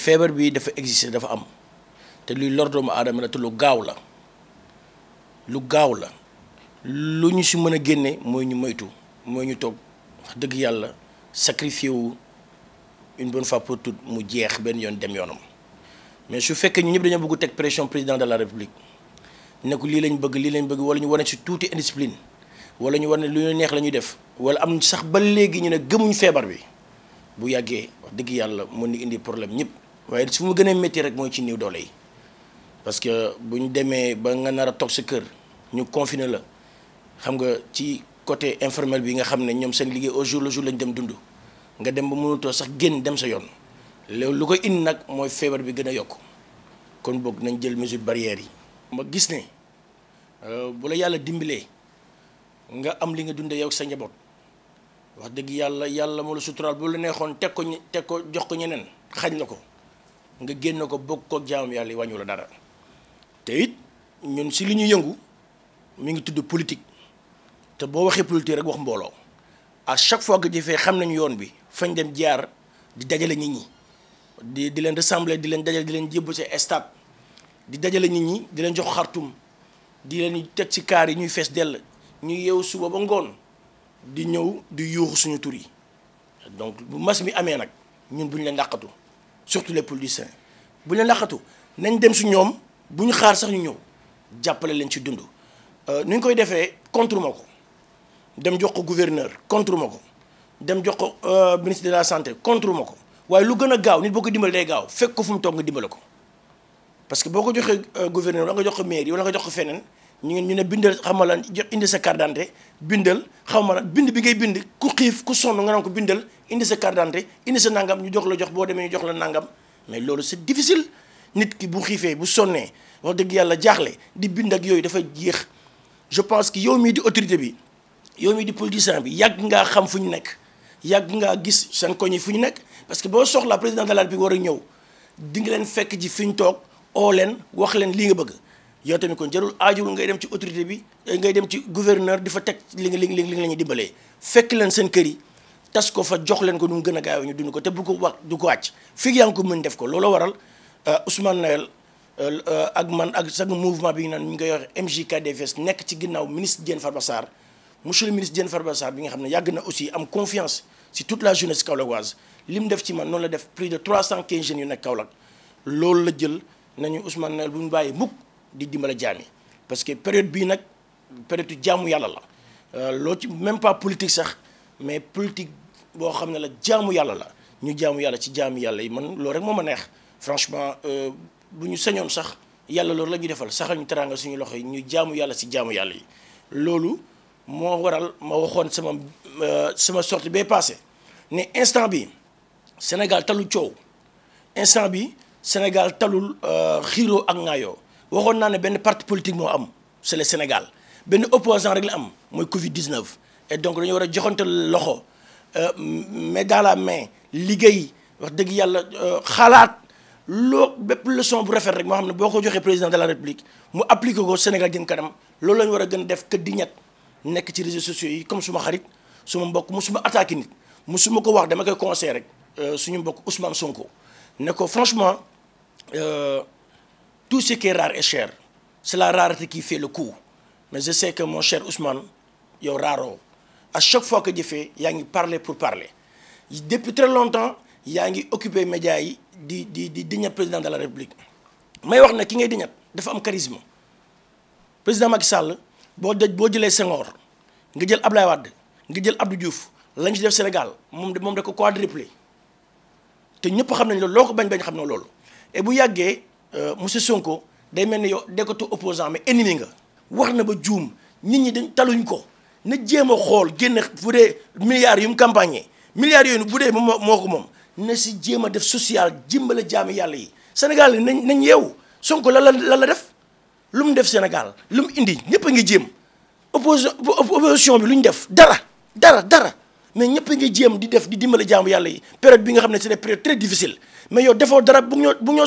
feebar bi dafa exister dafa am te luy lor doomu aadama la te lu gaaw la lu gaaw la lu ñu si mën a génne mooy ñu moytu mooy ñu toog wax dëgg yàlla sacrifié wu une bonne fois pour toutes mu jeex benn yoon dem yoonam mais su fekkee ñu ñëpp dañoo bëgg teg pression président de la république ne ko lii lañ bëgg lii lañ bëgg wala ñu wane si tuuti indiscipline wala ñu wane lu ñu neex la ñuy def wala am sax ba léegi ñu ne gëmuñ feebar bi bu yàggee wax dëgg yàlla mën ni indi problème ñëpp. waye ci fuma gën metti rek moy ci niw doole parce que buñu démé ba nga nara tok toog sa kër ñu confiné la xam nga ci côté informel bi nga xamné ne seen liggéey au jour le jour lañ dem dundu nga dem ba to sax gën dem sa yoon loolu lu ko in nag moy fièvre bi gëna yok kon bok nañ jël mesure barrière yi. ma gis ne euh, bu la yalla dimbalee nga am li nga dundé yow sa njabot wax deug yalla yalla mo la sutural bu la neexon tek ko tek ko jox ko ñeneen xañ nako nga génn ko bokk ko jaam yàlla yi wàññu la dara te it ñun si li ñu yëngu mi ngi tudd politique te boo waxee politique rek wax mbooloo à chaque fois que fe xam nañu yoon bi fañ dem jaar di dajale nit ñi di di leen rassembler di leen dajale di leen jébbu ci stade di dajale nit ñi di leen jox xartum di leen teg ci kaar yi ñuy fees dell ñu yew suba ba ngoon di ñëw di yuuxu suñu tur yi donc bu mas mi amee nag ñun buñ leen làqatu surtout les policiers. Si vous laqatu nañ dem su ñoom bu xaar sax ñu ñëw jàppale leen euh, contre moi. ko dem gouverneur contre moi. Nous dem jox euh, ministre de la santé contre moi. ko lu ko day gaaw fekk parce que vous euh, avez gouverneur ko mairie ñu ñu ne bindal xam ma indi sa carte d'identité bindal xam ma lan bind bi ngay bind ku xiif ku sonn nga naan ko bindal indi sa carte indi sa nangam ñu jox la jox boo demee ñu jox la nangam mais loolu c'est difficile nit ki bu xiifee bu sonnee wax dëgg yàlla jaaxle di bind ak yooyu dafa jeex je pense que yow mii di autorité bi yow mii di politicien bi yàgg ngaa xam fu ñu nekk yàgg ngaa gis seen koñ yi fu ñu nekk parce que boo soxlaa président de bi war a ñëw di nga leen fekk ji fi ñu toog leen wax leen lii nga bëgg yow tamit kon jarul aajurul ngay dem ci autorité bi eh, ngay dem ci gouverneur di fa teg li nga li nga li nga dimbalee fekk leen seen kër yi tas ko fa jox leen ko nu mu gën a gaawee ñu dund ko te bu ko wax du ko wàcc fii yaa ngi ko mën def ko loolu waral euh, Ousmane Noël euh, euh, ak man ak sa mouvement bi ñu naan ñu ngi koy wax MJKDFS nekk ci ginnaaw ministre Diène Farba Sarr monsieur le ministre Diène Farba Sarr bi nga xam ne yàgg na aussi am confiance si toute la jeunesse kaolagoise lim def ci man noonu la def plus de 315 jeunes yu nekk Kaolack loolu la jël nañu Ousmane Noël bu ñu bàyyi mukk di dimbale jaam yi parce que période bii nag période jaamu yàlla la euh, loo ci même pas politique sax mais politique boo xam ne la jaamu yàlla la ñu jaamu yàlla ci jaamu yàlla yi man loolu rek moo ma neex franchement euh, bu ñu sañoon sax yàlla loolu la ñuy defal saxal ñu teraanga suñu loxo yi ñu jaamu yàlla ci jaamu yàlla yi loolu moo waral ma waxoon sama euh, sama sortie bee passé ne instant bi Sénégal talul coow instant bi Sénégal talul xiiroo ak ŋaayoo waxon naa ne benn parti politique moo am c'est le Sénégal benn opposant rek la am mooy Covid 19. et donc dañu war a joxante loxo euh, mais dans la main liggéey wax dëgg yàlla euh, xalaat loo bépp leçon bu refet rek moo xam ne boo ko joxee président de la république mu appliquer ko Sénégal jëm kanam loolu la ñu war a gën def kër di ñett nekk ci réseaux sociaux yi comme suma xarit suma mbokk musuma attaquer nit musuma ko wax dama koy conseil rek euh, suñu mbokk Ousmane Sonko ne ko franchement. Tout ce qui est rare est cher. C'est la rareté qui fait le coup. Mais je sais que mon cher Ousmane, il y rare. À chaque fois que je fais, il y parler pour parler. Depuis très longtemps, il y a occupé les médias du, du, du président de la République. Mais il y que des femmes un charisme. Le président Macky Sall, si tu as Senghor, nga jël Ablaye Wade nga jël Abdou Diouf lañ ci def Sénégal moom moom da quadruplé Et nous xam nañ loolu bañ bañ xam na et Euh, monsieur Sonko day mel ni yow dekkatu opposant mais ennemi nga wax na ba juum nit ñi dañ taluñ ko na jéem a xool génn bu dee milliards yu mu campagne milliards yooyu bu dee moo moo ko moom na si jéem a def social jimbale jaami yàlla yi Sénégal yi nañ nañ yeewu Sonko la la la def lu mu def Sénégal lu mu indi ñëpp a ngi jéem opposition opposition bi lu ñu def dara dara dara mais ñëpp ngi jëm di def di période bi c'est des très difficile. mais yow dara bu ñoo